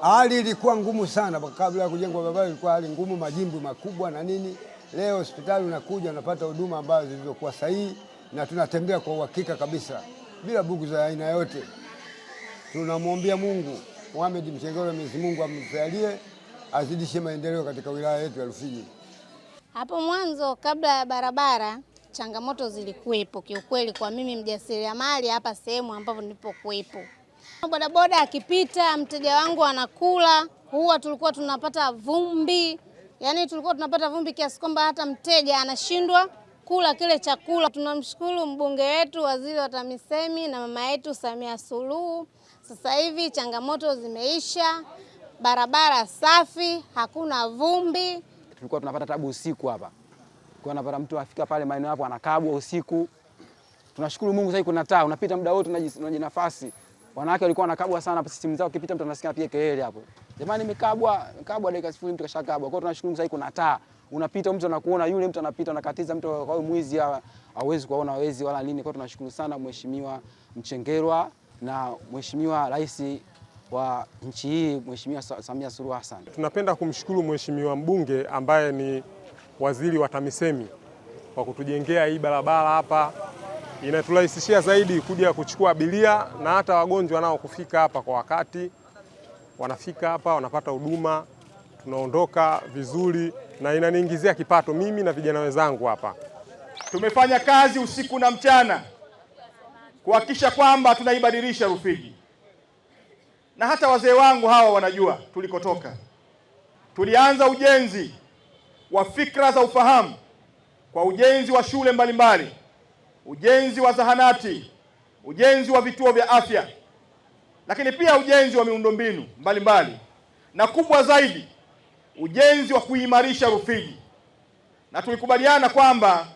Hali ilikuwa ngumu sana kabla ya kujengwa barabara, ilikuwa hali ngumu, majimbo makubwa na nini. Leo hospitali unakuja unapata huduma ambazo zilizokuwa sahihi, na tunatembea kwa uhakika kabisa bila bugu za aina yote. Tunamwombea Mungu Mohamed Mchengerwa, Mwenyezi Mungu amsalie azidishe maendeleo katika wilaya yetu ya Rufiji. Hapo mwanzo kabla ya barabara changamoto zilikuwepo kiukweli, kwa mimi mjasiriamali hapa sehemu ambapo nilipokuwepo Bodaboda akipita mteja wangu anakula, huwa tulikuwa tunapata vumbi, yaani tulikuwa tunapata vumbi kiasi kwamba hata mteja anashindwa kula kile chakula. Tunamshukuru mbunge wetu, waziri wa TAMISEMI na mama yetu Samia Suluhu, sasa hivi changamoto zimeisha, barabara safi, hakuna vumbi. Tulikuwa tunapata tabu usiku hapa, kwa napata mtu afika pale maeneo hapo anakabwa usiku. Tunashukuru Mungu, sasa kuna taa, unapita muda wote, unajinafasi Wanawake walikuwa wanakabwa sana kwa system zao, kipita, mtu anasikia pia kelele hapo. Jamani mikabwa kabwa dakika sifuri mtu kashakabwa. Kwa hiyo tunashukuru sasa kuna taa. Unapita mtu anakuona, yule mtu anapita anakatiza mtu kwa hiyo mwizi hawezi kuona wezi wala nini. Kwa hiyo tunashukuru sana Mheshimiwa Mchengerwa na Mheshimiwa Rais wa nchi hii Mheshimiwa Samia Suluhu Hassan. Tunapenda kumshukuru Mheshimiwa mbunge ambaye ni waziri wa TAMISEMI kwa kutujengea hii barabara hapa inaturahisishia zaidi kuja kuchukua abiria na hata wagonjwa nao kufika hapa kwa wakati, wanafika hapa wanapata huduma, tunaondoka vizuri na inaniingizia kipato mimi na vijana wenzangu hapa. Tumefanya kazi usiku na mchana kuhakikisha kwamba tunaibadilisha Rufiji, na hata wazee wangu hawa wanajua tulikotoka. Tulianza ujenzi wa fikra za ufahamu kwa ujenzi wa shule mbalimbali mbali ujenzi wa zahanati, ujenzi wa vituo vya afya, lakini pia ujenzi wa miundombinu mbalimbali, na kubwa zaidi ujenzi wa kuimarisha Rufiji. Na tulikubaliana kwamba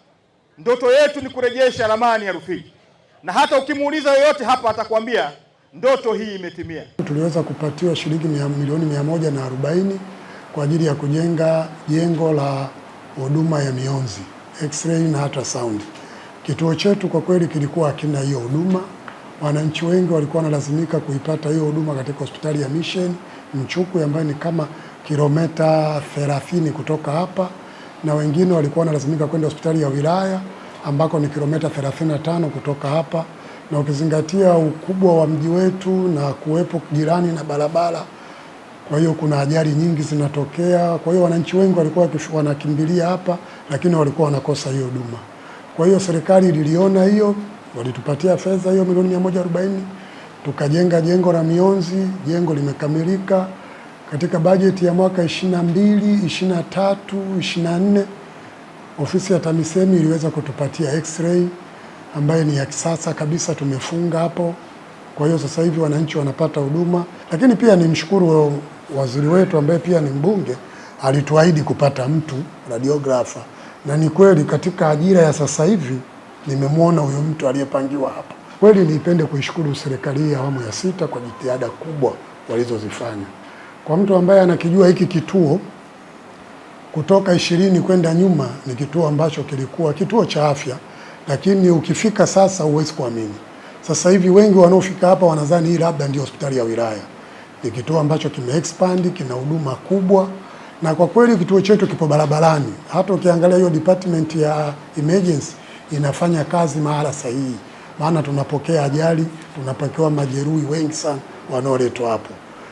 ndoto yetu ni kurejesha ramani ya Rufiji, na hata ukimuuliza yoyote hapa atakwambia ndoto hii imetimia. Tuliweza kupatiwa shilingi milioni mia moja na arobaini kwa ajili ya kujenga jengo la huduma ya mionzi x-ray na hata saundi. Kituo chetu kwa kweli kilikuwa hakina hiyo huduma. Wananchi wengi walikuwa wanalazimika kuipata hiyo huduma katika hospitali ya Mission Mchuku ambayo ni kama kilomita 30 kutoka hapa, na wengine walikuwa wanalazimika kwenda hospitali ya wilaya ambako ni kilomita 35 kutoka hapa, na ukizingatia ukubwa wa mji wetu na kuwepo jirani na barabara, kwa hiyo kuna ajali nyingi zinatokea. Kwa hiyo wananchi wengi walikuwa wanakimbilia hapa, lakini walikuwa wanakosa hiyo huduma. Kwa hiyo serikali liliona hiyo, walitupatia fedha hiyo milioni 140 tukajenga jengo la mionzi. Jengo limekamilika katika bajeti ya mwaka 22, 23, 24. Ofisi ya TAMISEMI iliweza kutupatia x-ray ambayo ni ya kisasa kabisa, tumefunga hapo. Kwa hiyo sasa hivi wananchi wanapata huduma, lakini pia ni mshukuru wa waziri wetu ambaye pia ni mbunge alituahidi kupata mtu radiografa na ni kweli katika ajira ya sasa hivi nimemwona huyo mtu aliyepangiwa hapa. Kweli niipende kuishukuru serikali ya awamu ya sita kwa jitihada kubwa walizozifanya. Kwa mtu ambaye anakijua hiki kituo kutoka ishirini kwenda nyuma, ni kituo ambacho kilikuwa kituo cha afya, lakini ukifika sasa huwezi kuamini. Sasa hivi wengi wanaofika hapa wanadhani hii labda ndio hospitali ya wilaya. Ni kituo ambacho kimeexpand, kina huduma kubwa na kwa kweli kituo chetu kipo barabarani. Hata ukiangalia hiyo department ya emergency inafanya kazi mahala sahihi, maana tunapokea ajali, tunapokea majeruhi wengi sana wanaoletwa hapo.